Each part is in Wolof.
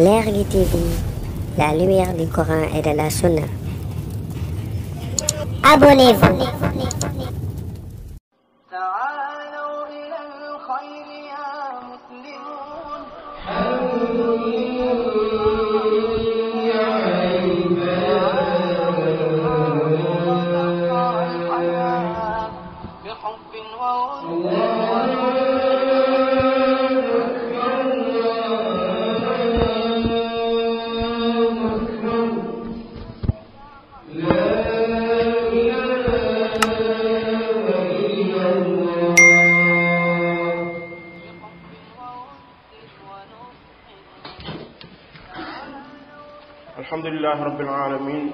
L'air du TV, la lumière du Coran et de la Sunna. Abonnez-vous. الحمد لله رب العالمين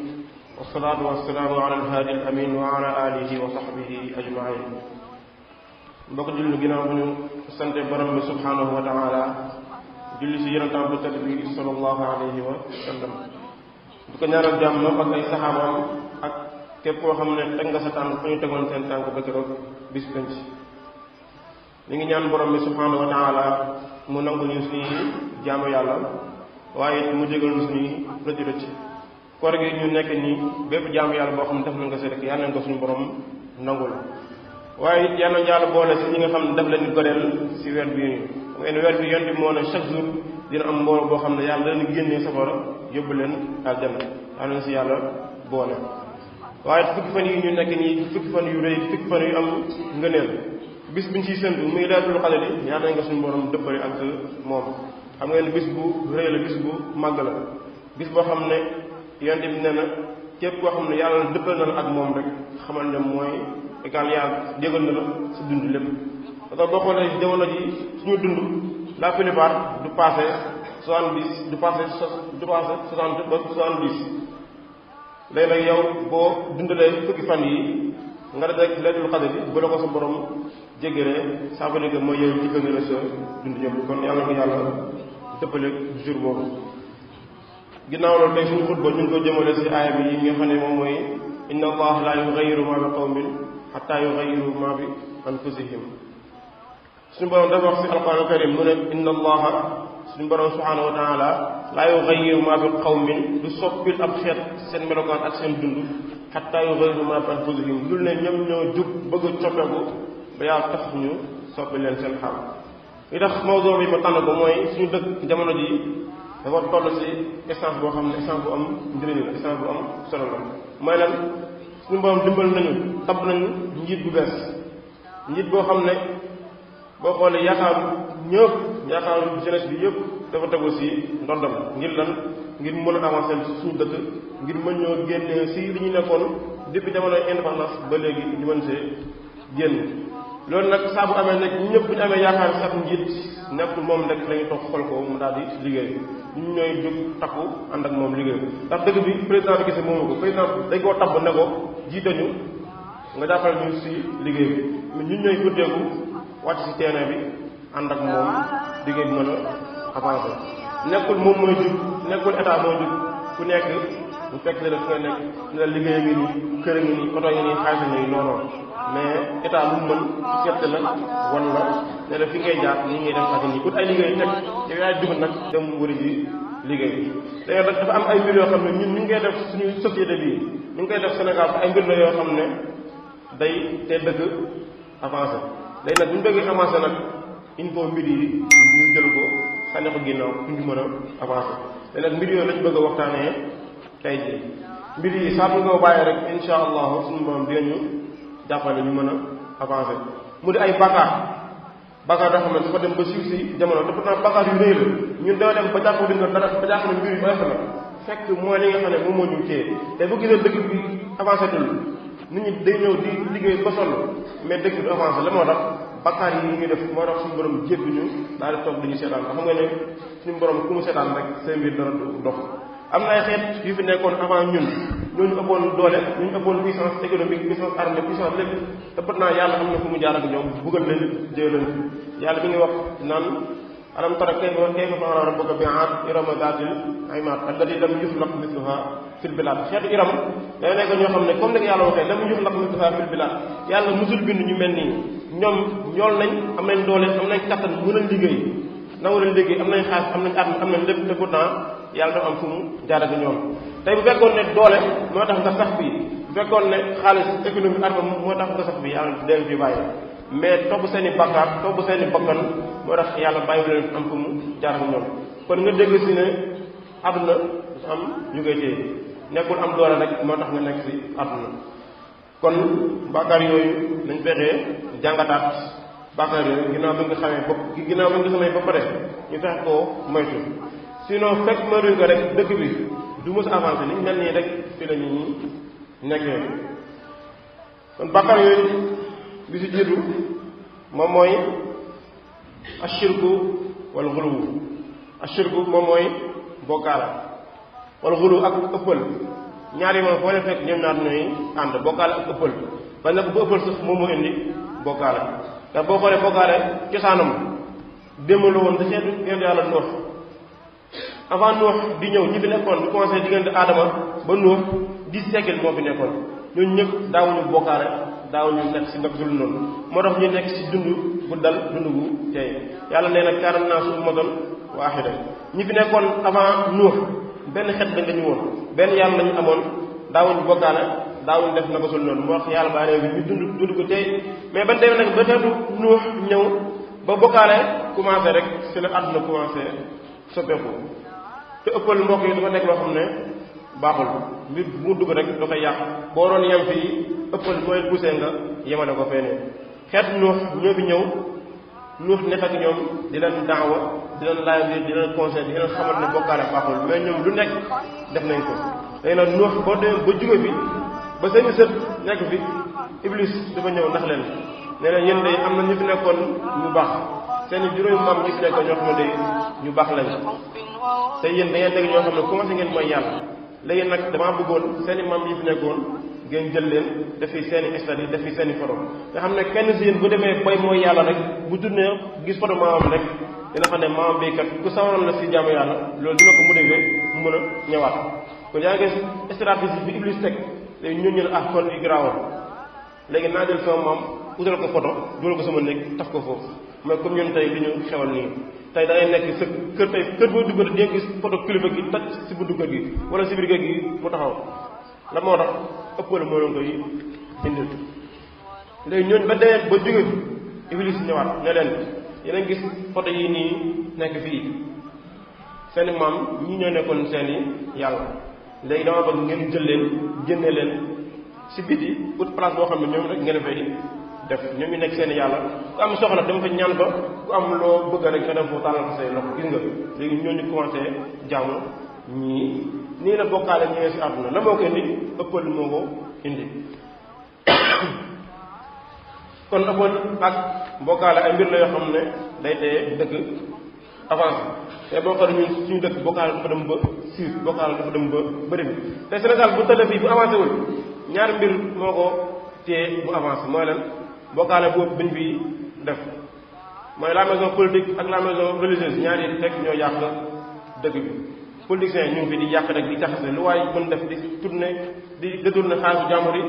والصلاة والسلام على الهادي الأمين وعلى آله وصحبه أجمعين بقد جل جناب سنت برم سبحانه وتعالى جل سيرة عبد التدبير صلى الله عليه وسلم بقد نرى جام نقص أي صحابة كيف هو هم نتنقى ستان قنية تقول سنتان قبكرة بسبنج لنجي نعم برم سبحانه وتعالى منقل يسيه جامو يالله waaye it mu jégal nu suñuy rëcc rëcc koor gi ñu nekk nii bépp jaamu yàlla boo xam ne def nañ ko si rek yal nañ ko suñu borom nangu la waaye it yal nañ yàlla boole si ñi nga xam ne daf leen goreel si weer bi nii wenn weer bi moo ne chaque jour dina am mbooloo boo xam ne yàlla leen génnee safara yóbbu leen àjjana yal si yàlla boole waaye fukki fan yi ñu nekk nii fukki fan yu rëy fukki fan yu am ngëneel bis biñ ciy séntu muy leetul xale yi yal nañ ko suñu borom dëppale ak moom xam ngeen bis bu rëy la bis bu màgg la bis boo xam ne yonent bi nee na képp koo xam ne yàlla dëppal na la ak moom rek xamal ne mooy égal yàlla jégal na la sa dund lépp parce que boo xoolee jamono ji suñu dund la plupart du passé soixante-dix du passé du passé soixante ba soixante-dix léeg yow boo dundalee fukki fan yi nga def rek laylatul qadr bi bu ko sa borom jéggale saa bu nekk mooy yow jikko nga rësoo dund yëpp kon yàlla ko yàlla dëppale suñu xutba ñu ko jëmale si aaya bi yi xam ne moom mooy inna allah la yughayyiru ma bi qawmin hatta yughayyiru ma bi anfusihim suñu borom dafa wax si alquran karim mu ne inna allaha suñu borom subhanahu wa taala la yughayyiru ma bi qawmin du soppil ab xeet seen melokaan ak seen dund hatta yughayyiru ma bi anfusihim lu ne ñoom ñoo jug bëgg a coppeeku ba yàlla tax ñu soppi leen seen xam li tax mawdoo bi ma tànn ko mooy suñu dëkk jamono ji dafa toll si essence boo xam ne essence bu am njëriñ la bu am solo la mooy lan suñu borom dimbal nañu tab nañu njiit bu bees njiit boo xam ne boo xoolee yaakaar ñëpp yaakaar jeunesse bi yëpp dafa tegu si ndondam ngir lan ngir mën a avancer suñu dëkk ngir mën ñoo génne si li ñu nekkoon depuis jamono indépendance ba léegi ñu mën see génn loolu nag saa bu amee nag ñëpp bu ñu amee yaakaar sax njiit nekkul moom rek lañu toog xool ko mu daal di liggéey ñu ñooy jóg takku ànd ak moom liggéey ndax bi président bi ko président dañ koo tabb ne ko jiite ñu nga jàppale ñu si liggéey bi ñun ñooy guddeeku wàcc si terrain bi ànd ak moom liggéey bi mën a avancé nekkul moom mooy jug nekkul état mooy jug ku nekk mu fekk ne daf koy nekk ne la liggéey ngi nii kër ngi nii oto ngi nii xaalis ngi nii noonu mais état lu mën gert la wan la ne la fi ngay jaar nii ngay def ak nii ut ay liggéey teg yow yaay dugg nag dem wari ji liggéey d'ailleurs nag am ay mbir yoo xam ne ñun ñu koy def suñu société bii ñu ngi koy def Sénégal ay mbir la yoo xam ne day te dëgg avancé léegi nag bu ñu bëggee avancé nag il faut mbir yi ñu jël ko sànni ko ginnaaw pour ñu mën a avancé léegi nag mbir lañ bëgg a waxtaanee tey jii mbir yi saa bu ñu ko bàyyee rek insha allahu suñu borom dinañu jàppale ñu mën a avancer mu di ay bàkkaar bàkkaar yoo xam ne dafa dem ba suuf si jamono te pourtant bàkkaar yu rëy la ñun mooy li nga xam ne moom moo te bu gisee dëkk bi avancé dul nit ñi day ñëw di liggéey ba sonn mais dëkk bi ñu ngi def moo tax daal di toog seetaan xam nga ne suñu borom ku mu seetaan rek seen mbir dara dox am na ay xeet yu fi nekkoon avant ñun ñooñu ëppoon doole ñooñu ëppoon puissance économique puissance armée yàlla am na fu mu jaar ak ñoom bëggal leen jëy leen yàlla mi ngi wax naan alam tara kayfa kayfa fa'ala rabbuka bi 'aad irama zaatil 'imaad allati lam yukhlaq mithluha fil bilaad xeetu ñoo xam ne comme ni yàlla waxee lam yukhlaq mithluha fil bilaad yàlla musul bind ñu mel nii ñoom ñool nañ am nañ doole am nañ kattan mën a liggéey nangu leen liggéey am nañ xaalis am nañ arme am nañ lépp te pourtant yàlla dafa am fu mu jaarale ñoom tey bu fekkoon ne doole moo tax nga sax bi bu fekkoon ne xaalis économie arme moo tax nga sax bi yàlla deen fi bàyyi mais topp seeni i bakkaar topp seen i bakkan moo tax yàlla bàyyi leen am fu mu jaarale ñoom kon nga dégg si ne àdduna na am ñu koy téye nekkul am doole rek moo tax nga nekk si àdduna kon bakkaar yooyu nañ fexee jàngataat bàkkaar yooyu ginnaaw bi nga xamee ba ginnaaw bi nga xamee ba pare ñu fexe koo moytu sinon fekk mënuñ rek dëkk bi du mos avancé li mel nii rek fi la nit nekkee kon bàkkaar yooyu bi si jiitu moom mooy ashirku wal xuluwu ashirku moom mooy bokkaala wal xuluwu ak ëppal ñaar moom foo leen fekk ñoom ñaar ñooy ànd bokkaala ak ëppal ba nag bu ëppal sax moom moo indi bokkaala ndax boo xoolee bokkaale cosaanam démb la woon da seetu yonent yàlla Nuux avant Nuux di ñëw ñi fi nekkoon di commencé diggante Adama ba Nuux dix siècle moo fi nekkoon ñooñu ñëpp daawuñu bokkaale daawuñu nekk si ndox dul noonu moo tax ñu nekk si dund bu dal dund bu tey yàlla nee na kaaram naa suuf ma doon waaxida ñi fi nekkoon avant Nuux benn xeet lañ la ñu woon benn yàlla lañu amoon daawuñu bokkaale daawuñ def na ko sul noonu moo wax yàlla baaree bi ñu dund dund ko tey mais ban demee nag ba xeetu nuux ñëw ba bokkaale commencé rek si la àdduna commencé soppeeku te ëppal mbokk yi dafa nekk loo xam ne baaxul mbir mu dugg rek da koy yàq boo doon yem fii ëppal mooy poussé nga yemale ko feneen xeet nuux ñoo fi ñëw nuux nekk ak ñoom di leen daawa di leen laaj biir di leen conseil di leen xamal bokkaale baaxul mais ñoom lu nekk def nañ ko léegi nag nuux boo demee ba seeni sët nekk fi iblis dafa ñëw nax leen ne leen yéen day am na ñu fi nekkoon ñu baax seeni juróomi maam ñu fi nekkoon ñoo xam ne ñu baax lañ te yéen da ngeen nekk ñoo xam ne ngeen mooy yàlla léegi nag damaa bëggoon seeni maam yi fi nekkoon ngeen jël leen dafi seeni stade yi dafi seeni photo nga xam ne kenn si yéen bu demee bay mooy yàlla rek bu dundee gis photo maamam rek dina fa ne maamam béykat ku sawaroon la si jaamu yàlla loolu dina ko motiver mu ñëwaat kon yaa ngi stratégie bi léegi ñooñu ne ah kon li garaaw léegi naa jël sama maam utal ko photo dugal ko sama néeg taf ko foofu mooy comme ñun tey li ñu xewal nii tey da nekk sa kër tey kër boo duggal di gis photo kilifa gi taj si buntu kër gi wala si biir kër gi mu taxaw la moo tax ëppale moo leen koy indil léegi ñooñu ba demee ba jóge iblis ñëwaat ne leen gis photo yi nii nekk fii seen maam ñi ñoo nekkoon seen yàlla léegi dama bëgg ngeen jël leen génne leen si biti ut place boo xam ne ñoom rek ngeen fay def ñoom ñu nekk seen yàlla ku am soxla dama fa ñaan ba ku am loo bëgg rek nga dem foofu tàllal say loxo gis nga léegi ñooñu commencé jaamu ñii nii la bokkaale ñëwee si àdduna la moo ko indi ëppal moo ko indi kon ëppal ak bokkaale ay mbir la yoo xam ne day teye dëgg avancé te boo xam ne ñun suñu dëkk bocal dafa dem ba sud bocal dafa dem ba bëri te Sénégal bu tëddee fii bu avancé wul ñaari mbir moo ko téye bu avancé mooy lan bocal boobu biñ bi def mooy la maison politique ak la maison religieuse ñaari yi rek ñoo yàq dëkk bi politiciens ñu ngi fi di yàq rek di jaxase lu waaye mën def di tourner di détourner xaalisu jàmbur yi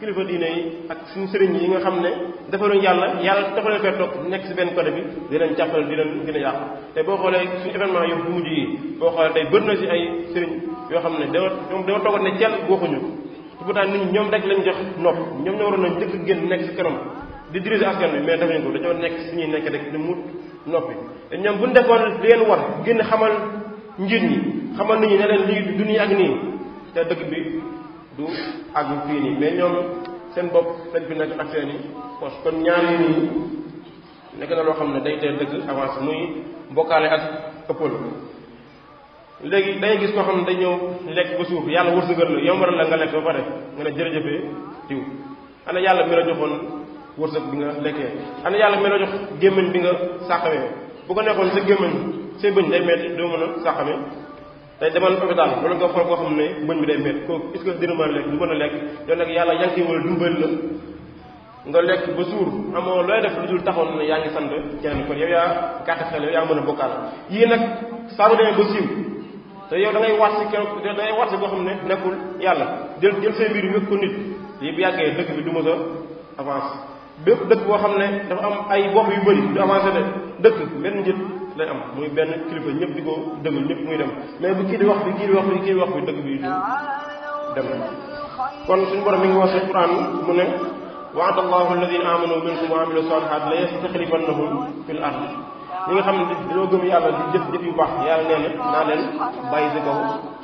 kilifa diine yi ak suñu sëriñ yi nga xam ne defaluñ yàlla yàlla dafa fee toog nekk si benn côté bi di leen jàppale di leen gën a yàq te boo xoolee suñu yoo xam ne dama ñoom dama toogoon ne jàll waxuñu te pourtant nit ñoom rek lañ jox nopp ñoom ñoo waroon na njëkk génn nekk si kanam di diriger askan bi mais nekk suñuy nekk rek di mut noppi te ñoom bu ñu defoon li leen war génn xamal njiit ñi ne leen lii du nii ak nii te dëkk bi du àggu fii nii mais ñoom seen bopp lañ fi nekk ak seen i poche kon ñaar yi nii nekk na loo xam ne day teel dëgg avance muy mbokkaale ak ëppal léegi dangay gis koo xam ne day ñëw lekk ba suuf yàlla wërsëgal la yombal la nga lekk ba pare nga ne jërëjëfee diw ana yàlla mi la joxoon wërsëg bi nga lekkee ana yàlla mi a jox gémmiñ bi nga sàqamee bu ko nekkoon sa gémmiñ say bëñ day metti doo mën a sàqamee tey demal hôpital wala nga xool koo xam ne mbëñ bi day métti kooku est-ce que dina mën a lekk du mën a lekk yow nag yàlla yaa ngi koy wala dimbali la nga lekk ba suur amoo looy def lu dul taxoon ne yaa ngi sant keneen kon yow yaa gàtt xel yow yaa mën a bokkaal yii nag saa demee ba siiw te yow da ngay waat si kenn da ngay waat si boo xam ne nekkul yàlla jël jël say mbir yu ko nit yi bu yàggee dëkk bi du ma sa avance bépp dëkk boo xam ne dafa am ay bopp yu bëri du avancé de lay am muy benn kilifa ñëpp di ko déglu ñëpp muy dem mais bu kii di wax bi wax bi kii bi dëgg bi kon suñu borom mi ngi wax a Quran mu ne wa'ada allahu alladina amanu minkum wa la yastaxlifannahum fil ard ñi nga xam ne dañoo gëm yàlla di jëf jëf yu baax yàlla nee na naa leen bàyyi si kaw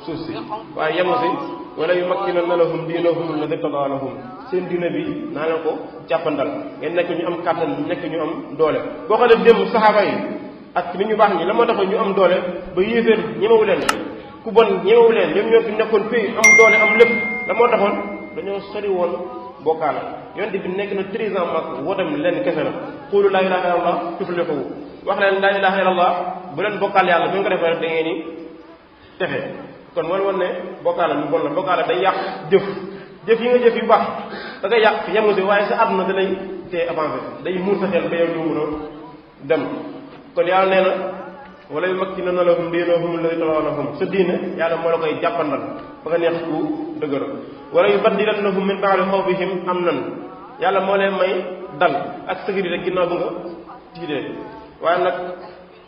suuf si waaye yemu si wala yu makkinanna lahum diinahum alladi seen diina bi naa leen ko jàppandal ngeen nekk ñu am kàttan nekk ñu am doole boo ko ne démb saxaaba yi ak nit ñu baax ñi la moo taxoon ñu am doole ba yéeféer ñemewu leen ku bon ñemewu leen ñoom ñoo fi nekkoon pays am doole am lépp la moo taxoon dañoo sori woon bokkaale yonte bi nekk na treize ans mag wootam leen kese la xuulu laa ilaha illa allah tuflixu wax leen laa ilaha illa allah bu leen bokkaal yàlla bu ñu ko defee rek da ngeen ni texe kon mooy woon ne bokkaale lu bon na bokkaale day yàq jëf jëf yi nga jëf yu baax da nga yàq yem nga si waaye da lay tee avancé day muur sa xel ba yow ñu mun dem kon yàlla nee na wala yu mag ci na lahum diinahum alladi tardoonahum sa diine yàlla moo la koy jàppandal ba nga neex ku dëgër wala yu baddilannahum min baadi xawfihim am nan yàlla moo leen may dal ak sécurité ginnaaw bu nga tiitee waaye nag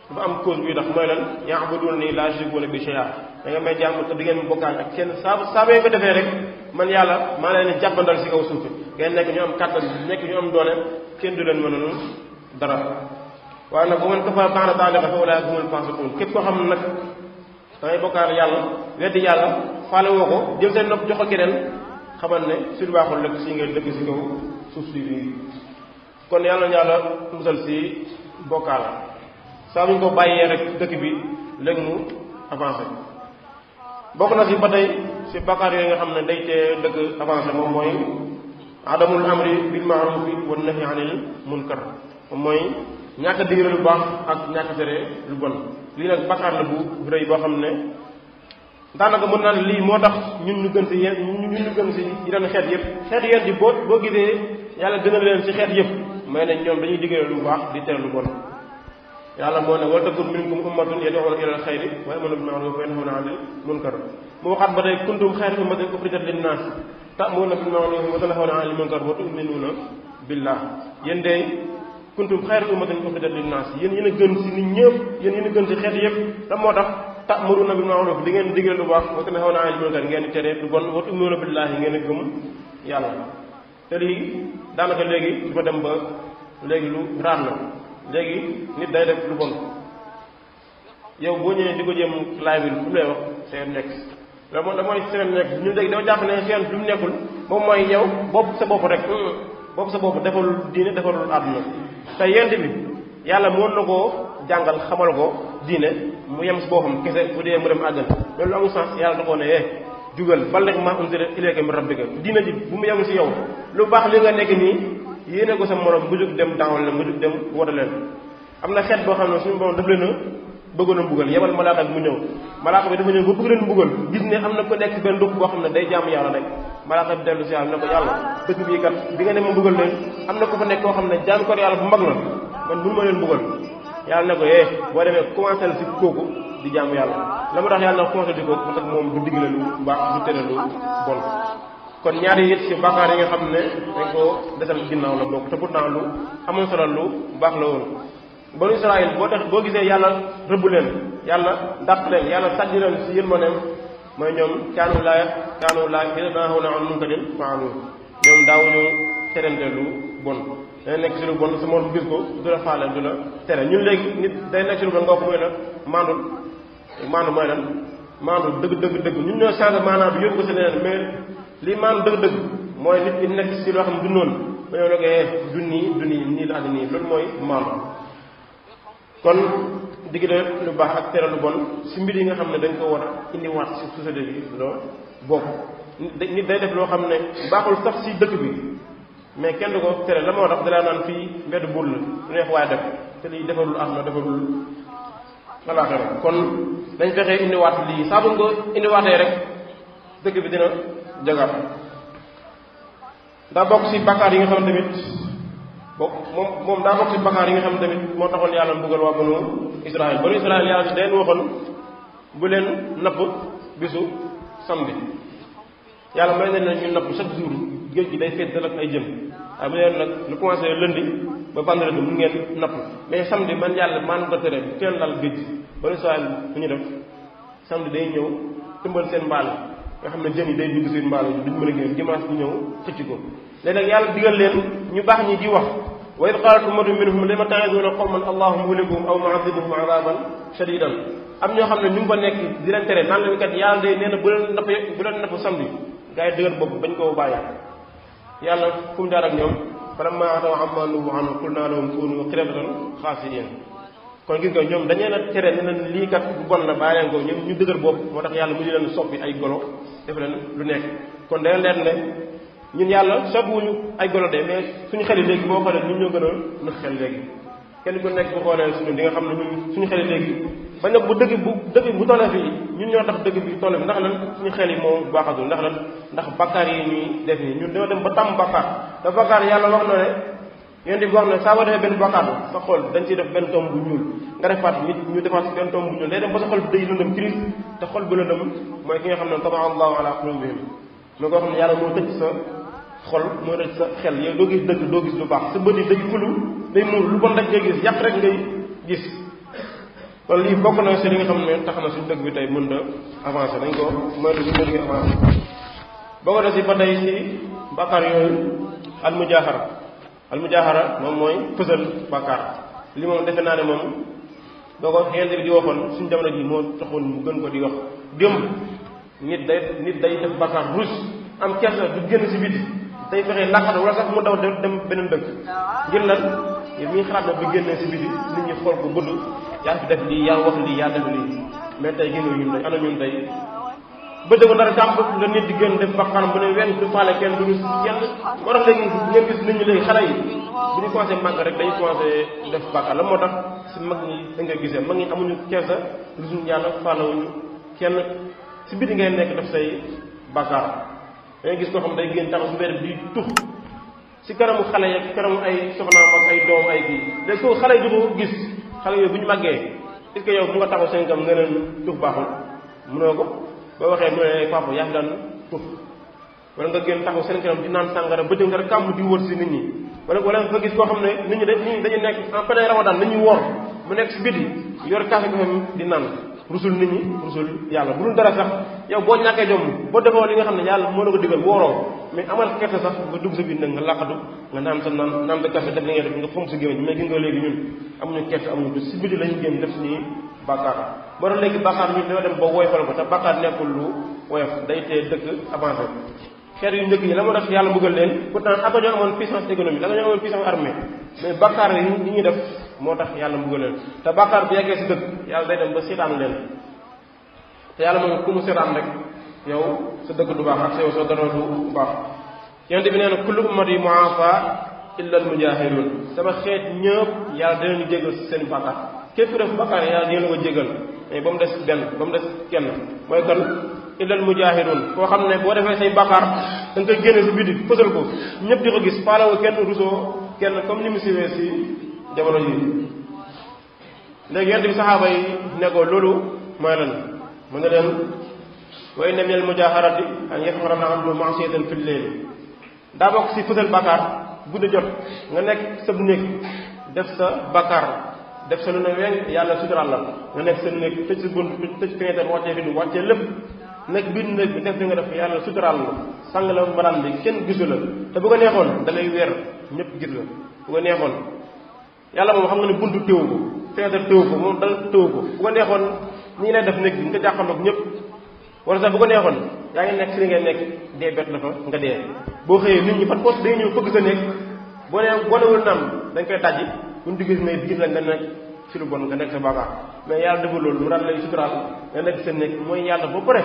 dafa am cause buy tax mooy lan yaabuduuna nii laa yushrikuuna bi shay'a da nga may jàmm te du ngeen bokkaan ak kenn saabu saabee ko defee rek man yàlla maa leen jàppandal si kaw suuf ngeen nekk ñu am kàttan nekk ñu am doole kenn du leen mën a dara waaye nag bu man kafa ba'da zaalika fa ulaa'ika humul faasiquun képp koo xam ne nag dangay bokkaale yàlla weddi yàlla faale woo ko jël seen nopp jox ko keneen xamal ne suñu baaxul lëkk si ngay lëkk si kaw suuf si bi kon yàlla na yàlla musal si bokkaale saa bu ñu ko bàyyee rek dëkk bi léegi mu avancé bokk na si ba tey si bakkaar yooyu nga xam ne day tee dëkk avancé moom mooy adamul amri bil ma'ruf wa nahyi anil munkar moom mooy ñàkk a digle lu baax ak ñàkk a tere lu bon lii nag bakkaar la bu rëy boo xam ne daanaka mën naa lii moo tax ñun ñu gën si yéen ñun ñu gën si yeneen xeet yëpp xeet yéen di boo boo gisee yàlla gënal leen si xeet yëpp may ne ñoom dañuy digle lu baax di tere lu bon yàlla moo ne wala takun minkum ummatun yad'una ila al-khayri wa ya'muruna bil ma'rufi wa yanhawna 'anil munkar mu waxaat ba tey kuntum khayra ummatin ukhrijat lin-nas ta'muruna bil ma'rufi wa tanhawna 'anil munkar wa tu'minuna billah yéen de kuntum xayra ummatin uxrijat linnaas yéen yéen a gën si nit ñëpp yéen yéen a gën si xeet yëpp tam moo tax ta'muruna bil ma'ruf di ngeen digle lu baax wa tanhawna 'anil munkar ngeen tere lu bon wa tu'minuna billahi ngeen a gëm yàlla léegi dafa dem ba léegi lu raar na léegi nit day def lu bon yow boo ñëwee di ko jëm laaj bi fu mu lay wax seen nekk loolu mooy seen nekk ñun léegi dafa jàpp ne seen lu mu nekkul moom mooy yow bopp sa bopp rek hmm. boobu sa bopp defalul diine defalul àdduna sa yent bi yàlla mën na koo jàngal xamal ko diine mu yem si boppam kese bu dee mu dem àggal loolu amul sens yàlla da koo ne eh jugal bal rek maa unzila ilayka min rabbika diine ji bu mu yem si yow lu baax li nga nekk nii yéene ko sa morom mu jug dem daawal leen mu jóg dem woote leen am na xeet boo xam ne suñu borom daf leen a bëggoon a mbugal yebal malaaka bi mu ñëw malaaka bi dafa ñëw ba bëgg leen mbugal gis ne am na ko nekk benn dëkk boo xam ne day jaamu yàlla rek malaaka bi dellu si yàlla ne ko yàlla am na ko fa nekk koo xam ne jaam ko yàlla bu mag la man mënu ma leen mbugal yàlla ne ko eh boo demee commencé la si kooku di jaamu yàlla la ma tax yàlla na commencé di kooku parce que moom du digle lu baax du tere lu bon kon ñaari it si bàkkaar yi nga xam ne dañ ko desal ginnaaw la bokk te pourtant lu amoon solo la woon banu Israël boo tax boo gisee yàlla rëbb leen yàlla ndàpp leen yàlla sàjj leen si yërmandeem mooy ñoom kaanu laa kaanu laa yanhawna an munkarin fa'aluhu ñoom daawuñu terante lu bon day nekk si lu bon sa moom gis ko du la faale du la tere ñun léegi nit day nekk si lu bon nga ko mooy la maandul maandu mooy lan maandu dëgg dëgg dëgg ñun ñoo changé maanaam bi yóbbu ko si leneen mais li maandu dëgg dëgg mooy nit ñi nekk si loo xam ne du noonu dañoo nekkee eh, du nii du nii loolu mooy maandu kon digle lu baax ak tere lu bon si mbir yi nga xam ne dañ ko war a indiwaat si société bi loo bokk nit day def loo xam ne baaxul sax si dëkk bi mais kenn ko tere la moo tax dalaa naan fii mbedd buur la neex waaye def te lii defarul am na defarul alaaxira kon dañ fexee indiwaat lii saa buñ ko indiwaatee rek dëkk bi dina jagaat daa bokk si bàkkaar yi nga xam ne boobu moom moom daa bokk ci bakaar yi nga xam ne tamit moo taxoon yàlla mbugal waa banu Israël banu Israël yàlla si leen waxoon bu leen napp bisu samedi yàlla may leen ne ñu napp chaque jour géej gi day feet dal ay jëm waaye bu leen nag lu commencé lundi ba vendredi mu ngeen napp mais samedi man yàlla maan ko tere kenn lal géej banu Israël bu ñu def samedi day ñëw tëmbal seen mbaal nga xam ne jën yi day dugg seen mbaal yi duñ mën a génn dimanche bu ñëw xëcc ko léegi yàlla digal leen ñu baax ñi di wax wa id qaalat ummatun minhum lima ta'izuuna qawman allahumma muhlikuhum aw mu'adhibuhum adhaban ñoo xam ne ñu ngi fa di leen tere naan leen kat yàlla day nee na bu leen napp bu leen napp samedi gars yi dëgër bopp bañ koo bàyyi yàlla fu mu daar ak ñoom falammaa ataw amma nuhu anhu qulnaa lahum kuunu qiradatan xaasi'iin kon gis nga ñoom dañu leen a tere ne leen lii kat bu bon la bàyyi leen ko ñu dëgër boobu moo tax yàlla mu di leen soppi ay golo def leen lu nekk kon dana leen ne ñun de mais suñu xel yi léegi boo ñoo gën a nëx xel léegi kenn ku nekk bu xoolee suñu di nga xam ne ñun suñu xel yi léegi ba nag bu dëgg bu dëgg bu tolle fii ñu ñoo tax dëgg bi tolle fi ndax lan suñu xel yi moom baaxatul ndax lan ndax bakkaar yi ñuy def nii ñun dañoo dem ba tàmm bakkaar te bakkaar yàlla wax na ne yonte di wax na saa boo defee benn bokkaat sa xol dañ ciy def benn tomb bu ñuul nga defaat nit ñu defaat benn tomb bu ñuul day dem ba sa xol day lëndëm crise te xol bu lëndëm mooy ki nga xam ne taba allahu ala qulubihim lu ko xam ne yàlla moo tëj sa xol moo tëj sa xel yow doo gis dëgg doo gis lu baax sa bët yi day kulu day muur lu bon rek ngay gis yàq rek ngay gis kon lii bokk na si li nga xam ne tax na suñ dëgg bi tey mën na avancé dañ ko mën suñ dëgg bi avancé bokk na si ba tey si bakkaar yooyu al mujahara almujahara moom mooy pësal bàkkaar li moom defe naa ne moom boo ko xeente bi di waxoon suñu jamono bi moo taxoon mu gën ko di wax démb nit day nit day def bàkkaar rus am kersa du génn si biti day fexe la wala sax mu daw dem beneen dëkk ngir lan xalaat na bu génnee si biti nit ñi xool ko bëdd yaa fi def lii yaa wax lii yaa def lii mais tey génn day ana ñun bëccëg bu dara tàmp la nit di gën def bakkan bu ne wenn du kenn du gis nit ñi léegi xale yi bu ñu commencé màgg rek dañu commencé def bakkan la moo tax mag ñi da nga gisee mag ñi amuñu kenn biti ngay nekk def say da gis koo xam day génn taxaw si bi tux si kanamu xale yeeg kanamu ay soxnaam ak ay doom ay kii léegi du gis xale yooyu bu ñu est ce que yow bu nga taxaw boo waxe mo ne papa yaa ngi daan uh, wala nga gën taxaw seen kërëm di nan sangara bëjëng dara rek di wër ci nit ñi wala wala nga gis ko xamne nit ñi dañuy dañu nekk en plein ramadan nañu wor mu nekk ci bidi yor kaasa ko xam di nan rusul nit ñi rusul yalla bu dul dara sax yow bo ñaké jom bo defo li nga xamne yalla mo moo la ko digal woro mais amal kete sax nga dugg sa bi nag nga laqatu nga naan sa nan naan sa café def li nga def nga fonk sa gémmiñ mais gi nga légui ñun amuñu kete amuñu ci bidi lañu gën def ni bakara borom léegi bakar ñu dañoo dem ba woyfal ko te bàkkaar nekkul lu woyof day tee dëkk avancé xeet yu njëkk yi la moo def yàlla mbugal leen pourtant ak ñoo amoon puissance économique la ñoo amoon puissance armée mais bàkkaar yi ñu def moo tax yàlla mbugal leen te bàkkaar bu yeggee si dëkk yàlla day dem ba seetaan leen te yàlla moom ku mu seetaan rek yow sa dëkk du baax ak sa dara du baax bi nee illa al mujahirun sama xeet ñëpp yàlla jégal seen képp def yàlla dina Eh, ba mu des benn ba mu des kenn mooy kan illal mujahidun koo xam ne boo defee say bàkkaar da nga koy génne si biti fësal ko ñëpp di ko gis faalawo kenn rusoo kenn comme ni mu siwee si jamono yi léegi yent bi saxaaba yi loolu mooy lan mu ne leen wa inna minal mujaharati an yaxmara na am lu maasiyatan fi leen daa bokk si fësal bàkkaar guddi jot nga nekk sab néeg def sa bàkkaar def sa lu ne weng yàlla suturaal la nga nekk sa néeg tëj sa bunt tëj fenêtre wàccee rido wàccee lépp nekk biir néeg bi li nga def yàlla suturaal la sàng la mbaraan bi kenn gisu la te bu ko neexoon da ngay weer ñëpp gis la bu ko neexoon yàlla moom xam nga ne buntu téewu ko fenêtre téewu ko moom dal téewu ko bu ko neexoon nii lay def néeg bi nga jàqaloog ñëpp wala sax bu ko neexoon yaa ngi nekk si li ngay nekk dee bet la nga dee boo xëyee nit ñi fat poos day ñëw fëgg sa néeg boo ne boo dañ koy tàjji buñ di gis ne gis la nga nekk ci lu bon nga nekk sa bàkkaar mais yalla dafa lolou lu ran lay suturaal nga nekk sa nekk moy yalla bu bare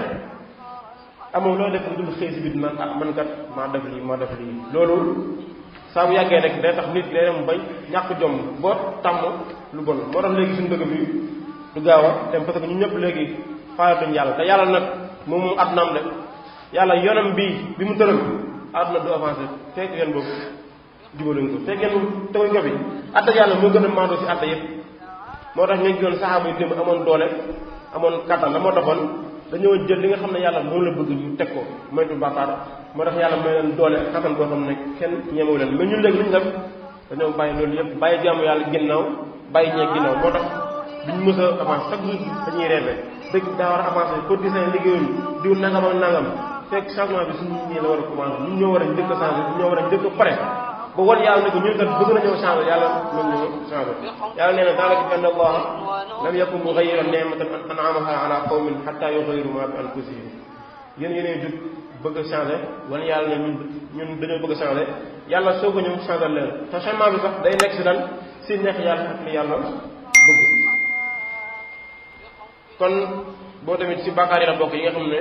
amoo lo def dul xëy ci bit man ak ah, man kat ma def li ma def li lolou sa bu yagge rek day tax nit day dem bay ñak jom bo tam lu bon mo tax léegi suñu bëgg bi du gawa dem parce que ñun ñëpp léegi faatu yalla te yalla nak moom moom adnaam de yalla yonam bi bi mu tëral adna do avancer fekk yeen boobu jubaluñ ko fekkee nu tawuñ ko fi atta yàlla moo gën a maandoo si atta yëpp moo tax ñu jël saxaaba yi démb amoon doole amoon kattan la moo doxoon dañoo jël li nga xam ne yàlla moom la bëgg ñu teg ko moytu bàkkaar moo tax yàlla may leen doole kattan boo xam ne kenn ñemewu leen mais ñun léegi luñ def dañoo bàyyi loolu yëpp bàyyi jaamu yàlla ginnaaw bàyyi ñee ginnaaw moo tax duñ mës a avancé chaque jour dañuy rêvé dëgg daa war a avancé politicien liggéeyuñ diw nangam ak nangam fekk changement bi suñu ñii la war a commencé ñun war a njëkk a changé ñoo war بقول يا أنك نجد بدون جو شان يا لم نجد يا لم نجد ذلك أن الله لم يكن مغير النعمة أنعمها على قوم حتى يغير ما بأنفسهم ين ين يجد بقى شان له ون يا لم نجد نجد بقى شان له يا لم سوى نجد شان له تشان ما بقى ده نكسدان سين نخيال خيال له بقى kon bo tamit ci bakari la bok yi nga xamne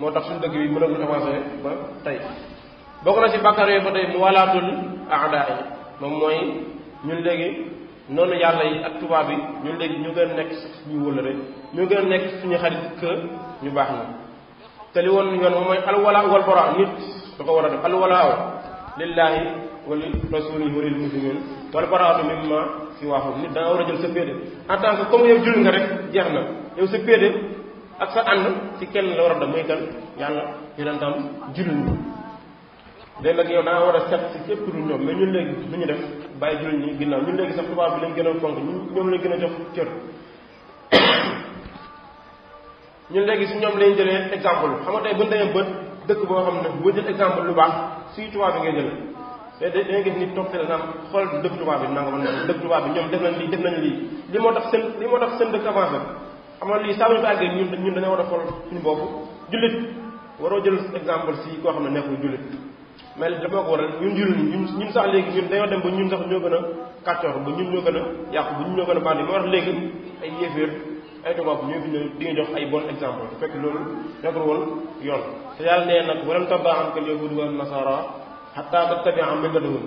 motax sun deug bi mëna ñu avancer ba tay bokk na ci bàkkaar yooyu ba tey a walaatul aadaa yi moom mooy ñun léegi noonu yàlla yi ak tubaab yi ñu léegi ñu gën nekk suñu wëlëre ñu gën nekk suñu xarit que ñu baax na te li woon yoon moom mooy alwalaa wal bara nit da ko war a def alwalaaw lillaahi wa li rasuulihi wa lil muslimiin wal baraatu mimma siwaahum nit da war a jël sa péede en que comme yow jullit nga rek jeex na yow sa péede ak sa ànd ci kenn la war a def muy kan yàlla léegi nag yow da nga war a set si képp lu ñoom mais ñun léegi lu ñu def bàyyi jullit ñu ginnaaw ñun léegi sax tubaab bi lañ gën a fonk ñun ñoom gën a jox cër ñun léegi si ñoom lañ jëlee exemple xam nga tey bu ñu demee ba dëkk boo xam ne boo jël exemple lu baax si tubaab bi ngay jël te da ngay gis nit toog te naan xool dëkk tubaab bi nanga man na dëkk tubaab bi ñoom def nañ lii def nañ lii li moo tax seen li moo tax seen dëkk avancé xam nga lii saa bu ñu àggee ñun ñun dañoo war a xool suñu bopp jullit waroo jël exemple si koo xam ne nekkul jullit mel ni dafa ko waral ñun jullit ñun ñun sax léegi ñun dañoo dem ba ñun sax ñoo gën a kàccoor ba ñun ñoo gën a yàqu ba ñun ñoo gën a bandi moo tax léegi ay yéeféer ay tubaab ñoo fi ne di nga jox ay bon exemple te fekk loolu nekkul woon yoon te yàlla nee nag walam tabaa am kal yahud wa nasara xataa tattabi am millatahum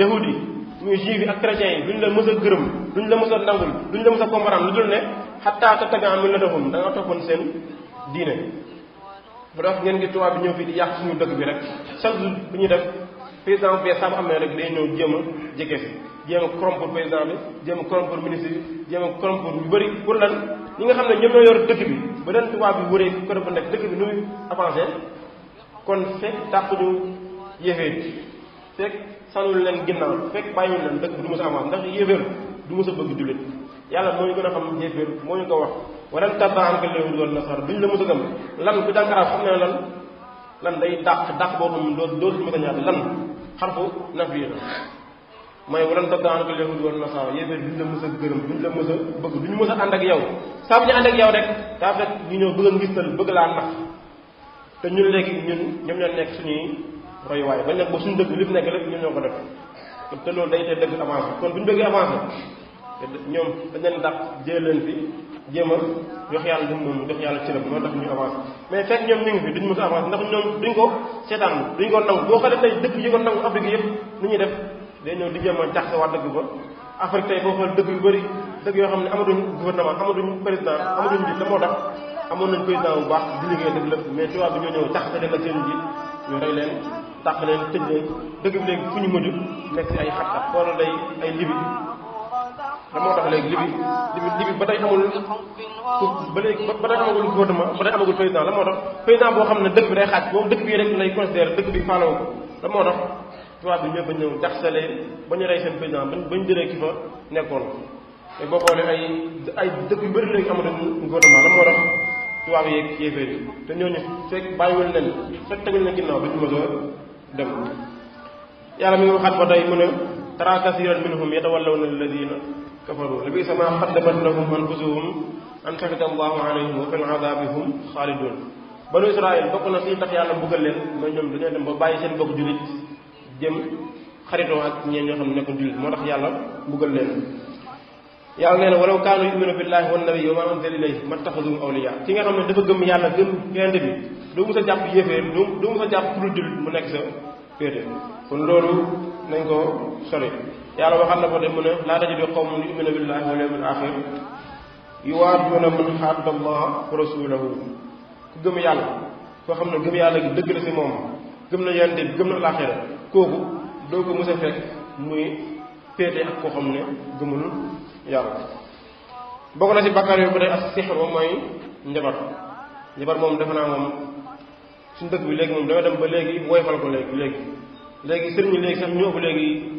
yahud yi muy juif yi ak chrétiens yi duñ la mës a gërëm duñ la mës a nangul duñ la mës a comprendre lu dul ne xataa tattabi am millatahum da nga toppoon seen diine bu dox ngeen ngi tubaab bi ñëw fii di yàq suñu dëkk bi rek chaque jour bu ñuy def président bi saa bu am na rek day ñëw jéem a jege si jéem a corrompre président bi jéem a corrompre ministre bi jéem a corrompre ñu bëri pour lan ñi nga xam ne ñoom ñoo yor dëkk bi ba leen tubaab bi wëree côté bu nekk dëkk bi nu muy avancé kon fekk tàquñu yéeféer fekk sanul leen ginnaaw fekk bàyyiwul leen dëkk bi du mos a avancé ndax yéeféer du mos a bëgg jullit yàlla moo ñu gën a xam jéeféer moo ñu ko wax walan tarda anka al-yahuud wala nasara duñ la mos a gëm lan ku jàng xam ne lan lan day dàq dàq boobu moom doo dootul mën a ñaata lan xarfu nafi la mooy walan tarda anka al-yahuud wala nasara yéeféer duñ la mos a gërëm duñ la mos a bëgg duñ mos a ànd ak yow saa bu ñu ànd ak yow rek saa fekk ñu ñëw bëgg a ngistal bëgg laa nax te ñu léegi ñun ñoom ñoo nekk suñuy roy waay bañ nag ba suñu dëgg lépp nekk lépp ñun ñoo ko def te loolu day tee dëgg avancé te ñoom dañ leen dàq jëlee leen fi jéem a jox yàlla dem noonu jox yàlla ci la loolu tax ñuy avancé mais fekk ñoom ñu ngi fi duñ mos ndax ñoom duñ ko seetaan duñ ko nangu boo xoolee tey dëkk yi ko nangu Afrique yëpp nu ñuy def day ñëw di jéem a jaxase waa dëkk ba Afrique tey boo xoolee dëkk yu bëri dëkk yoo xam ne amatuñ gouvernement amatuñ président amatuñ njiit la moo tax amoon nañ président bu baax di liggéey def lépp mais tubaab bi ñoo ñëw jaxase leen ak seen leen tàq leen tëj leen dëkk bi ñu mujj nekk si ay xat ay libi da moo tax léegi Libye Libye ba tey amul ba léegi ba tey amagul ma ba tey amagul président la moo tax boo xam ne dëkk bi day xaaj boobu dëkk bi rek lay considéré dëkk bi faalawu ko la tax tubaab bi ñëw ba ñëw jaxasale ba ñu rey ba ba ñu jëlee ki fa te boo ay ay dëkk yu bëri léegi amatuñu gouvernement la moo tax tubaab yeeg yéeféer yi te ñooñu fekk bàyyiwul leen fekk tegul na ginnaaw ba ñu mës a dem yàlla mi ngi waxaat ba tey mu ne tara kasiran minhum yatawallawna alladina kafaru labisa ma qaddamat lahum anfusuhum an sakata allahu alayhim wa fil azabi hum xaalidun banu israil bokk na fii tax yàlla mbugal leen mooy ñoom dem ba bàyyi seen bokk jullit jëm xaritoo ak ñeen ñoo xam ne nekkul moo tax yàlla mbugal leen yàlla nee na walaw kaanu yuminu billahi wan nabi wa ma unzila ilayhi mattaxaduhum awliya ki nga xam ne dafa gëm yàlla gëm yonent bi doo mës a jàpp yéefee doo mës a jàpp ku dul jullit mu nekk sa féete kon loolu nañ ko sori yàlla waxal na ko de mu ne laa tajidu qawman yu'minu billahi wal yawmil axir yuwaaduna man xadda allaha wa rasulahu ku gëm yàlla koo xam ne gëm yàlla gi dëgg la si moom gëm na yonent bi gëm na laaxira kooku doo ko mës fekk muy péete ak koo xam ne gëmul yàlla bokk na si bakkaar yooyu bu dee ak sixru mooy njabar njabar moom defe naa moom suñu dëkk bi léegi moom dama dem ba léegi woyfal ko léegi léegi léegi sëriñ léegi sax ñoo ëpp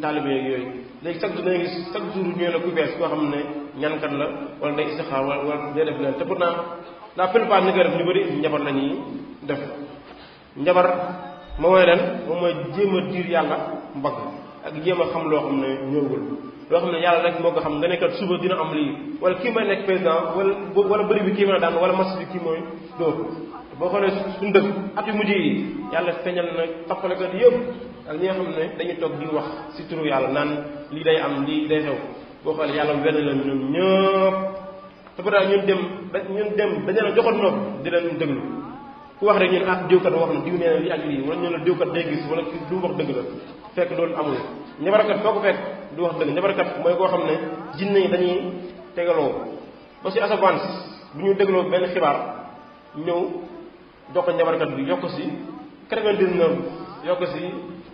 léegi léegi chaque jour da ngay gis chaque jour ñëw la ku bees koo xam ne ñankat la wala day istixaar wala day def leen te naa la plupart ni ñu bëri njabar la ñuy def njabar moo mooy leen moom mooy jéem a diir yàlla mbagg ak jéem a xam loo xam ne ñëwul loo xam ne yàlla rek moo ko xam nga nekkat suba dina am lii wala kii may nekk président wala wala bëri bi kii mën daan wala mas bi kii mooy dóor boo xoolee suñ dëkk at yu mujj yi yàlla feeñal na toppalekat yëpp ak ñi nga xam ne dañu toog di wax si turu yàlla naan lii day am lii day xew boo xoolee yàlla wenn la ñoom ñëpp te bu ñun dem ba ñun dem dañu ñu joxoon nopp di leen déglu ku wax rek ñun ak ah, diw kat wax na diw nee na lii ak lii wala ñu la diw kat day gis wala du wax dëgg la fekk loolu amul ñabarakat foo ko fekk du wax dëgg ñabarakat mooy koo xam ne jinne yi dañuy tegaloo ba si asavance bu ñu dégloo benn xibaar ñëw jox ko njabarkat bi yokk si 99 yokk si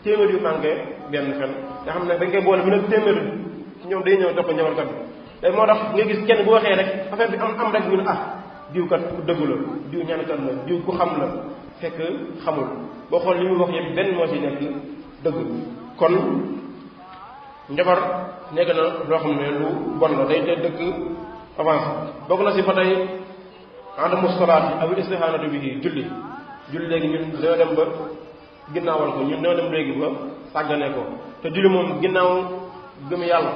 téeméer yu manqué benn fen nga xam ne dañ koy boole bu nekk téeméer ñoom day ñëw jox ko njabarkat bi day moo tax nga gis kenn bu waxee rek affaire bi am am rek ñu ne ah diw kat ku dëggu la diw ñaankat la diw ku xam la fekk xamul boo xool li muy wax yëpp benn moo ci nekk dëgg kon njabar nekk na loo xam ne lu bon la day day dëkk avance bokk na si ba tey adamu salaat yi aw istihaanatu bihi julli julli léegi ñun dañoo dem ba ginnaawal ko ñun dañoo dem léegi ba sàggane ko te julli moom ginnaaw gëm yàlla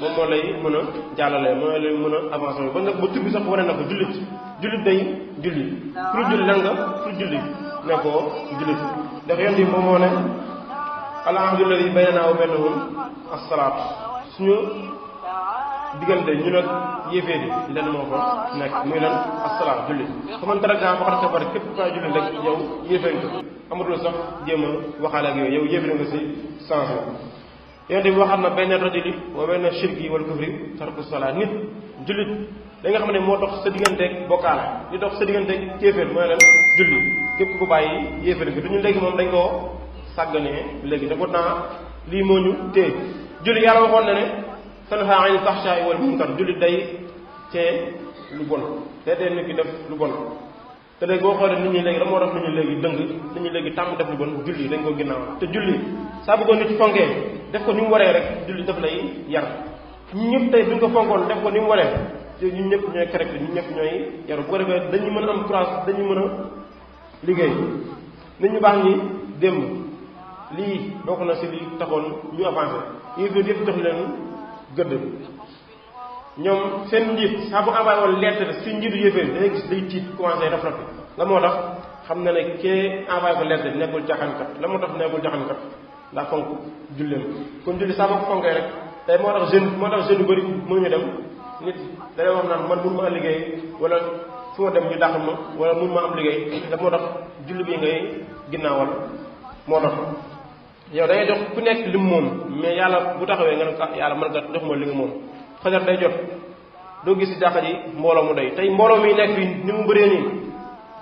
moom moo lay mën a jàllale moo lay mën a avancé ba nga ba tur bi sax wane na ko jullit jullit day julli pour julli lan pour ko jullit ndax yoon bi moom moo ne alhamdulilah yi bayanaa wa baynahum as-salaat suñu diggante ñu nag yéefee di lenn moo ko nekk muy lan asalaam julli fa man dara gaa waxal kafar képp kaa julli rek yow yéefee nga amatul sax ak yooyu yow yéefee nga si sens la yonent bi na benn rajuli wa benn shirki wal kufri tarku salaa jullit da nga xam ne moo dox sa digganteeg bokkaale li dox sa digganteeg kéeféer mooy lan julli képp ku bàyyi yéeféer bi du ñu léegi moom dañ koo sàgganee léegi te pourtant lii moo ñu téye julli yàlla waxoon na ne tanha anil fahsha'i wal munkar jullit day tee lu bon tey tey nit ki def lu bon te léegi boo xoolee nit ñi léegi dama war nit ñi léegi dëng nit ñi léegi tàmm def lu bon julli dañ ko ginnaaw te julli saa bëggoon nit fonkee def ko ni mu waree rek julli daf lay ñëpp tey duñ ko fonkoon def ko ni mu waree ñu ñëpp ñooy correct ñu ñëpp ñooy yaru bu ko defee dañu mën a am courage dañu mën a liggéey nit ñu baax ñi démb lii bokk na si li taxoon ñu avancé yéen yëpp jox leen gëdd ñoom seen njiit saa bu envoyé woon lettre si njiitu yëfee dangay gis day tiit commencé raf rafi la moo tax xam na ne kee envoyé ko lettre nekkul jaxankat la moo tax nekkul jaxankat ndax fonk julleem kon julli saa ko fonkee rek tey moo tax jeune moo tax jeune yu bëri mënuñu dem nit dana wax naan man mun ma am liggéey wala fu ma dem ñu dàq ma wala mun ma am liggéey da moo tax julli bi ngay ginnaawal moo tax yow da ngay jox ku nekk lim moom mais yàlla bu taxawee nga ne ko ah, yàlla mën nga jox ma li nga moom fajar day jot doo gis si jàkka mbooloo mu dey tey mbooloo mi nekk fii ni mu bëree nii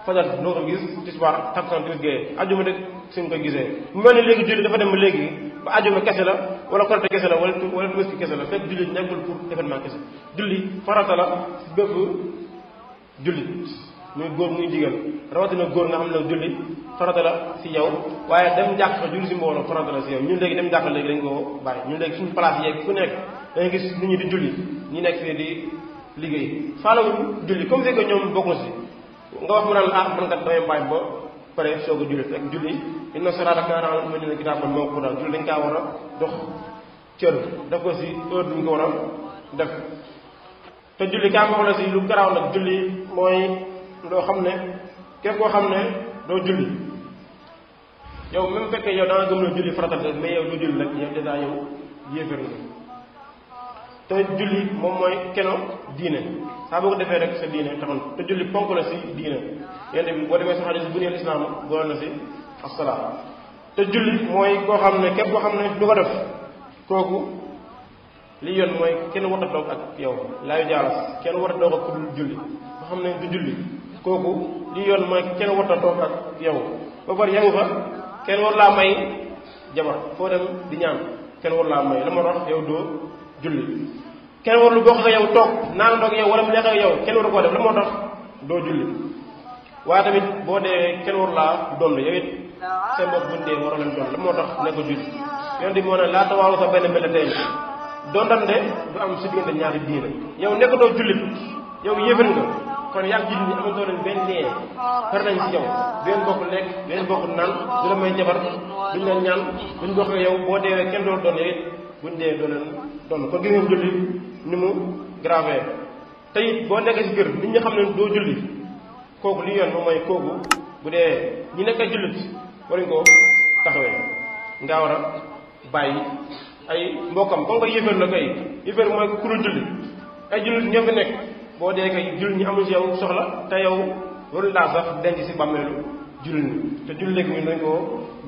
fajar doo ko gis tisbaar takkusaan timis gée ajuma de si nga ko gisee mu mel ni léegi julli dafa dem ba léegi ba ajuma kese la wala korite kese la wala wala tabaski kese la fekk julli nekkul pour événement kese julli farata la si bépp julli muy góor muy jigéen rawatina góor nga xam ne julli farata la si yow waaye dem jàkka jur si mbooloo farata la si yow ñun léegi dem jàkka léegi dañ koo bàyyi ñun léegi suñu place yeeg ku nekk dañuy gis nit ñi di julli ñi nekk fii di liggéey faalawuñ julli comme fekk ñoom bokk si nga wax mu naan ah, man kat damay ba pare soog a julli dañ kaa war a dox cër daf ko si heure duñ ko war a def te julli kaa ko loo xam ne képp koo xam ne doo julli yow même fekkee yow da nga gëm na julli farata la mais yow doo julli nag yow dèjà yow yéefar nga te julli moom mooy keno diine saa boo ko defee rek sa diine taxoon te julli ponk la si diine yéen bi boo demee sa xadis bu ne lislaam boole na si asalaam te julli mooy koo xam ne képp koo xam ne du ko def kooku li yoon mooy kenn war doog ak yow laayu jaalas kenn war a doog julli koo xam ne du julli kooku li yoon mooy kenn war a toog ak yow ba pare yaa ngi fa kenn war laa may jabar foo dem di ñaan kenn war laa may la ma tax yow doo julli kenn warul bokk ak yow toog naan doog yow wala mu nekk ak yow kenn waru koo def doo julli tamit boo dee kenn laa doon yow it seen bopp bu dee waroo leen doon la moo tax nekk julli yoon bi moo ne laa tawaaru sa benn mbele tey doon daan de du am si diggante ñaari diine yow nekk doo jullit yow yëfin nga kon yàgg jiit ñi amatoo nañ benn lien far nañ ci yow di leen bokk lekk di ñaan buñ bokk yow boo doo leen doon kon gis ngeen julli ni mu grave te it boo nekkee ne doo julli kooku li yoon moom kooku bu dee ñi jullit ko taxawee nga war a bàyyi ay mbokkam jullit ñoo nekk boo dee kay jullit ñi amuñ si yow soxla te yow warul laa sax denc si bàmmeelu jullit ñi te jullit léegi ñun dañ koo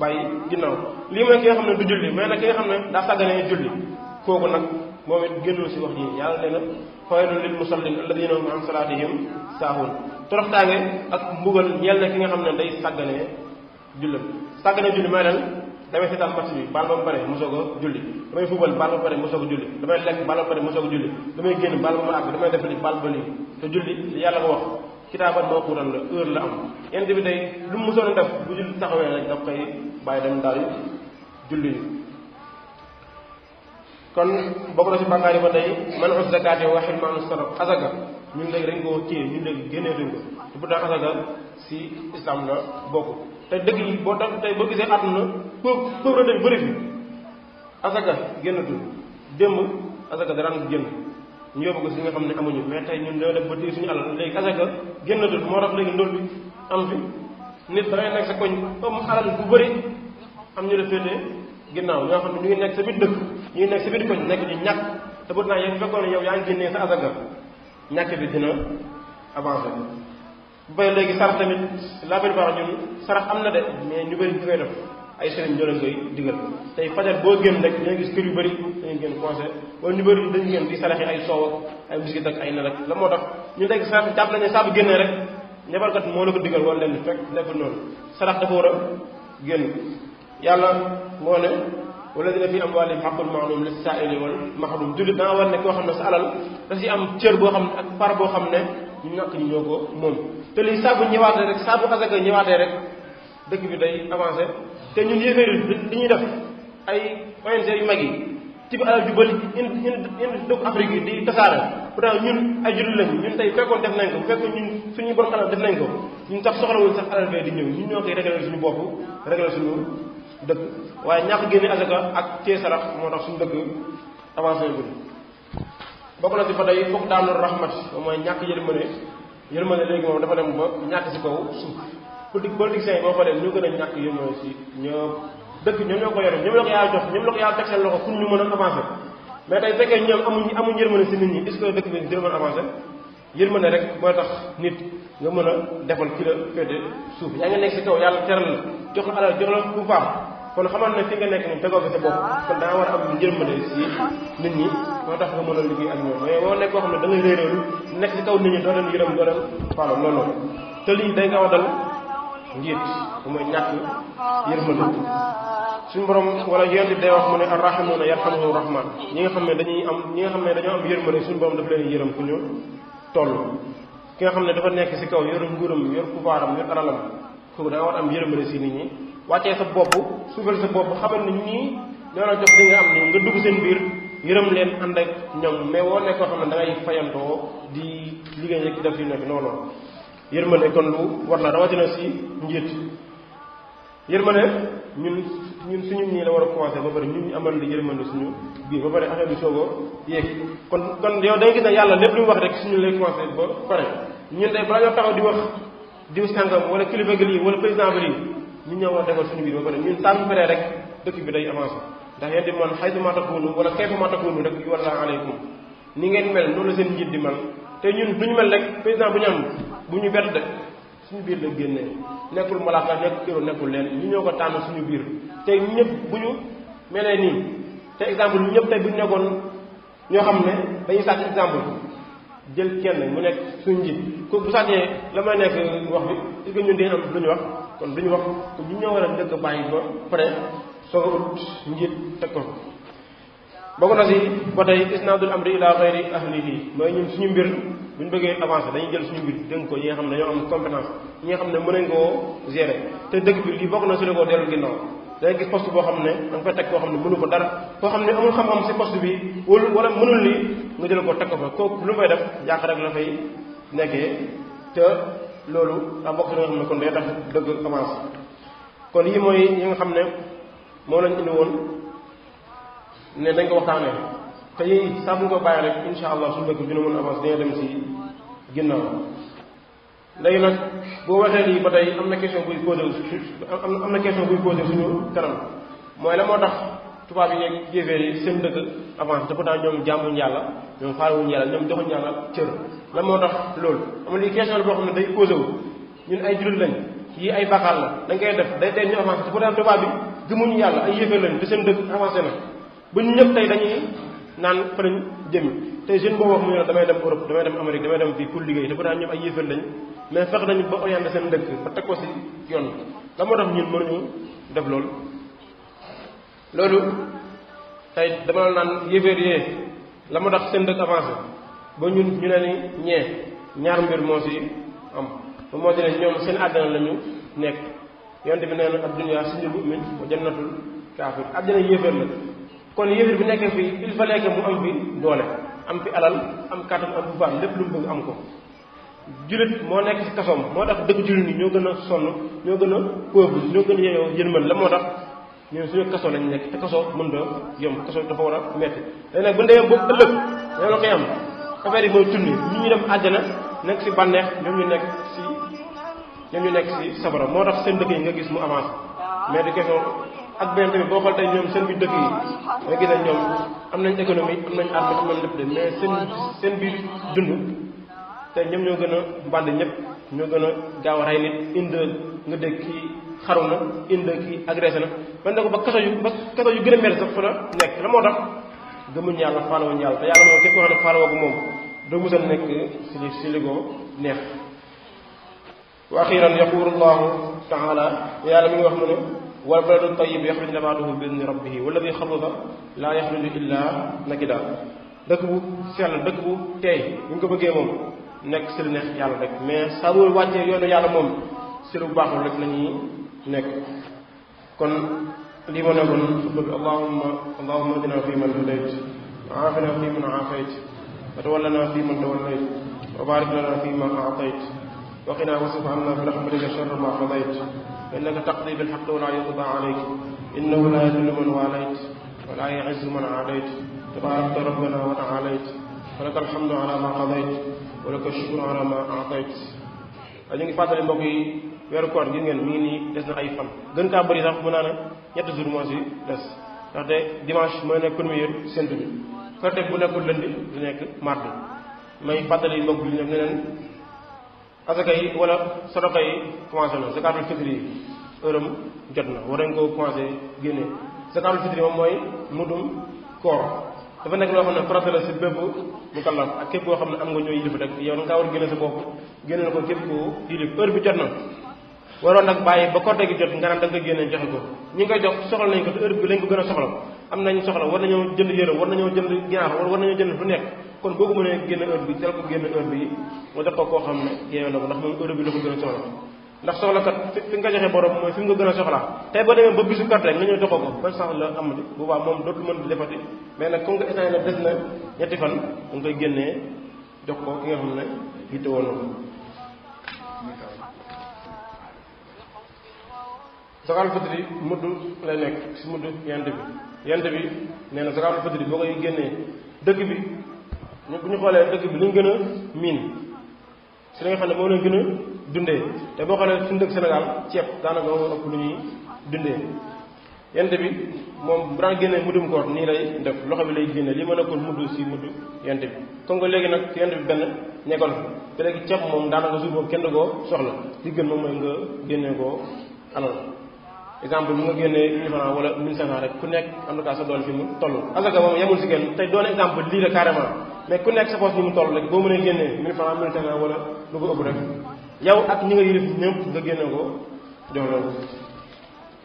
bàyyi ginnaaw lii mooy ki nga xam ne du julli mais nag ki nga xam ne daa sàgganee julli kooku nag moom it génnul si wax ji yàlla nee na fawaylun lil musallin alladina hum an salaatihim saahuun toroxtaange ak mbugal ñeel na ki nga xam ne day sàgganee jullam sàgganee julli mooy lan damay seetaan match bi baal ba pare mu soog a julli damay fubal baal ba pare mu soog a julli damay lekk baal ba pare mu soog a julli damay génn baal ba ma àgg damay def li baal ba lii te julli yàlla ko wax kitaaban moo xuuran la heure la am yenn bi day lu mu mosoon a def bu julli taxawee rek daf koy bàyyi dem daal julli kon bokk na si bàkkaar yi ba tey man us zakaat yow waxil maanu sarab asaka ñun léegi dañ koo téye ñun léegi génnee duñ ko te bu daan asaka si islam la bokk te dëkk yi boo tax tey boo gisee àdduna pauvre pauvre dañ bëri fi asaka génnatul démb asaka daraan ko génn ñu yóbbu ko si nga xam ne amuñu mais tey ñun dañoo def ba téye suñu alal léegi asaka génnatul moo tax léegi ndóol bi am fi nit da ngay nekk sa koñ am alal bu bëri am ñu la féetee ginnaaw ñoo xam ne ñu nekk sa biir dëkk ñu ngi nekk sa biir koñ nekk ñu ñàkk te bu naa yéen fekkoon yow yaa ngi génnee sa asaka ñàkk bi dina avancé bu bay léegi sarax tamit laa bari baax ñun sarax am na de mais ñu ay sëriñ ñoo leen koy digal tey fajar boo génn rek dañuy gis kër yu bëri dañuy génn conseil wala ñu bëri dañuy génn di salaxi ay soow ay biskit ak ay nen ak la moo tax ñu nekk sa jàpp nañu saa bu génnee rek njabarkat moo la ko digal wala leen fekk nekkul noonu sarax dafa war a génn yàlla moo ne wala dina fi am wàlli xaqul maalum li sa wal maxrum jullit danga war ne koo xam ne sa alal da si am cër boo xam ne ak par boo xam ne ñu ñàkk ñu ñoo ko moom te lii saa bu ñëwaatee rek saa bu asaka ñëwaatee rek dëkk bi day avancé te ñun yéeféer li ñuy def ay ONG yu mag yi ci bi alal ju bëri indi indi dëkk Afrique yi di tasaare pourtant ñun ay jullit lañu ñun tey fekkoon def nañ ko fekkoon ñun suñuy borom alal def nañ ko ñun sax soxlawul sax alal bee di ñëw ñun ñoo koy réglé suñu bopp réglé suñu dëkk waaye ñàkk génne asaka ak cee sarax moo tax suñu dëkk avancé guddi bokk na si fa day fokk daanul rahmat mooy ñàkk yërmande yërmande léegi moom dafa dem ba ñàkk politique politiciens yi boo xoolee ñu gën a ñàkk yénoo si ñoo dëkk ñoom ñoo ko yore ñoom la ko yàlla jox ñoom la ko yàlla a avancer mais tey fekkee ñoom amuñ amuñ yërmande si nit ñi est-ce dëkk bi dina mën a avancer yërmande rek mooy tax nit nga mën a defal ki la suuf yaa ngi nekk si kaw yàlla teral la jox la alal jox la pouvoir kon xamal ne fi nga nekk nii tegoo ko sa bopp kon daa war a am yërmande si nit ñi moo tax nga mën a liggéey ak ñoom mais boo nekk koo xam ne da ngay réeréelu nekk si kaw nit ñi doo leen yërëm doo leen a dal ngir mooy ñàkk yërmande suñu borom wala day wax mu ne arrahimuna rahman ñi nga xam dañuy am ñi nga xam ne am yërmande suñu borom daf leen yërëm ku ñu toll ki nga xam dafa nekk si kaw yor nguuram yor pouvoiram yor alalam kooku da war am yërmande si nit ñi wàccee sa bopp suufal sa bopp xamal ne ñii jox nga am ni nga dugg seen biir leen ak da ngay di liggéey ak def yu nekk yërmande kon lu war la rawatina si njiit yërmande ñun ñun suñu nii la war a commencé ba pare ñun ñu amal la yërmande suñu biir ba pare affaire bi soog a yéeg kon kon yow da nga gis ne yàlla lépp lu wax rek suñu lay commencé ba pare ñun tey balaa ñoo taxaw di wax diw sàngam wala kilifa gi lii wala président bi lii ñu ñoo war defal suñu biir ba pare ñun tàmm pare rek dëkk bi day avancé ndax yéen di man xaytu ma takunu wala kayfa ma takunu rek yu walla aleykum ni ngeen mel noonu la seen di mel te ñun duñu mel rek président bu ñu bu ñu bett de suñu biir la génnee nekkul malaaka nekkul nekkul leen ñu ñoo ko tànn suñu biir te ñëpp bu ñu melee nii te exemple ñëpp tey bu nekkoon ñoo xam ne dañuy sàcc exemple jël kenn mu nekk suñu njiit ko bu sàccee la may nekk wax bi est-ce que ñun am duñu wax kon duñu wax kon ñu ñoo war a dëkk bàyyi ba pare soo ut njiit teg ko bokk na si ba tey isnaadul amri ila xayri ahlihi mooy ñun suñu mbir bu ñu bëggee avancer dañu jël suñu mbir dënk ko ñi nga xam ne dañoo am compétence ñi xam ne mën nañ koo gérer te dëkk bi lii bokk na su dee koo dellu ginnaaw da ngay gis poste boo xam ne da nga teg koo xam ne mënu ko dara koo xam ne amul xam-xam si poste bi wala wala mënul li nga jël ko teg ko fa kooku lu fay def yàq rek la fay nekkee te loolu daa bokk na nga xam ne kon day tax dëgg avance kon yi mooy yi nga xam ne moo lañ indi woon ne dañ ko waxtaanee te yi saa bu ñu ko bàyyi rek incha allah suñu dëkk dina mën avance dina dem si ginnaaw léegi nag boo waxee nii ba tey am na question buy posé am na question buy posé suñu kanam mooy la moo tax tubaab yi yeeg jéeféer yi seen dëkk avance te pourtant ñoom jaamuñ yàlla ñoom xaaruñ yàlla ñoom joxuñ yàlla cër la moo tax loolu am na lii question la boo xam ne day posé wu ñun ay jullit lañ yi ay bàkkaar la dañ koy def day tey ñu avancé te pourtant tubaab bi gëmuñu yàlla ay yéeféer lañ te seen dëkk avancé na ba ñu ñëpp tey dañuy naan fa lañ tey jeune boobu wax mu ne damay dem Europe damay dem Amérique damay dem fii pour liggéey te pourtant ñoom ay yéefal lañ mais fex nañu ba orienté seen dëkk ba teg ko si yoon la moo def loolu loolu tey dama naan yéeféer yee la moo tax seen dëkk avancé ba ñun ñu ne ñee ñaar mbir moo si am ba moo si ne ñoom seen àddina la ñu nekk yonte bi nee na ab dunya sijnul mu'min wa jannatul kaafir àddina yéeféer la kon yéeféer bi nekkee fii il fallait que am fi alal am kàttan am bu baax lépp lu mu bëgg am ko jullit moo nekk ci kasoom moo tax dëkk jullit ñi ñoo gën a sonn ñoo gën a pauvre ñoo gën a yeyoo yërmande la moo tax ñun suñu kaso lañ nekk te kaso mën da yomb kaso dafa war a metti bu ndewee boobu ëllëg ñoo la koy am yi mooy tourné ñi ñu dem àjjana nekk ci bànneex ñoom ñu nekk si ñoom ñu nekk ci sabara moo tax seen dëkk yi nga gis mu avancé mais di ak benn tamit boo xool tey ñoom seen biir dëkk yi nga gis ne ñoom am nañ économie am nañ arme ba nañ lépp de mais seen seen biir dund te ñoom ñoo gën a mbànd ñëpp ñoo gën a gaaw a rey nit inde nga dégg kii xaru na inde kii agressé na man ne ko ba kaso yu ba kaso yu gën a mel sax fa la nekk la moo tax gëmuñ yàlla faalawuñ yàlla te yàlla moom képp koo xam ne faalawoo ko moom doo musal nekk si si ligoo neex wa axiran yaqulu llahu taala yàlla mi ngi wax mu ne والبلد الطيب يخرج نباته بإذن ربه والذي خبث لا يخرج إلا نكدا دكبو سيال دكبو تاي بوكو بوكي موم نك سير نك يالا دك مي سابول واتي يونو يالا موم سيرو باخ رك نني نك كون لي مو نغون اللهم اللهم اهدنا في من هديت عافنا في من عافيت وتولنا في من توليت وبارك لنا فيما اعطيت وقنا واصرف عنا برحمتك شر ما قضيت فإنك تقضي بالحق ولا يقضى عليك إنه لا يذل من واليت ولا يعز من عاديت تباركت ربنا وتعاليت ولك الحمد على ما قضيت ولك الشكر على ما أعطيت ñu ngi fàttali mbokk yi weeru koor gi ngeen mi ngi nii des na ay fan gën kaa bëri sax mu naa ne ñetti jour moo si des ndaxte dimanche mooy nekk premier séntu bi korite bu nekkul lundi du nekk mardi may fàttali mbokk yi nag ne leen asaka yi wala sadaka yi commencé na zakatul fitri yi heure jot na war nañ koo commencé génne zakatul fitri moom mooy mudum koor dafa nekk loo xam ne farata la si bépp mu kallaf ak képp koo xam ne am nga ñoo yilif rek yow da nga war génne sa bopp génne na ko képp koo yilif heure bi jot na waroon nag bàyyi ba kodde gi jot nga naan da nga génne joxe ko ñi nga jox nañ ko heure bi lañ ko am nañ soxla war nañoo jënd yëre war nañoo jënd ginaar war nañoo jënd lu nekk kon kooku mo ne genn heure bi tel ko genn heure bi mo def ko koo xam ne génn ndax mo heure bi la ko gën soxla ndax soxla kat fi nga joxe borom moy fi nga gëna soxla tay bo demé ba bisu kat rek nga ñëw doxoo ko ba sax la amati bu ba mom dootul mën defati mais nak ko nga état la des na ñetti fan mo ngi genné génnee jox ko ki nga xamne ne wonu woon na ko zakatul fitri mudd lay nekk si mudd yent bi yent bi neena na zakatul fitri boo koy génnee dëkk bi ñu bu ñu xoolee dëkk bi li ñu gën a miin si li xam ne moom lañ gën a dundee te boo xoolee suñu dëkk Sénégal ceeb daanaka moo ëpp lu ñuy dundee yent bi moom bu daan génnee muddum koor nii lay def loxo bi lay génne li ma nekkoon mudd si mudd yent bi comme que léegi nag yent bi benn nekkoon te léegi ceeb moom daanaka suuf boobu kenn du ko soxla li gën moom mooy nga génnee koo alal exemple mu nga génnee mille francs wala mille cinq rek ku nekk am na kaa sa doole fi mu toll asaka moom yemul si kenn tey doon exemple lii la carrément mais ku nekk sa poche ni mu toll rek boo mënee génnee mille francs mille cinq cents wala ko ëpp rek yow ak ñi nga yilif ñëpp nga génne ko jox leen ko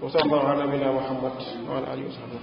wa sallallahu ala nabina muhammad wa ala alihi wa sahbihi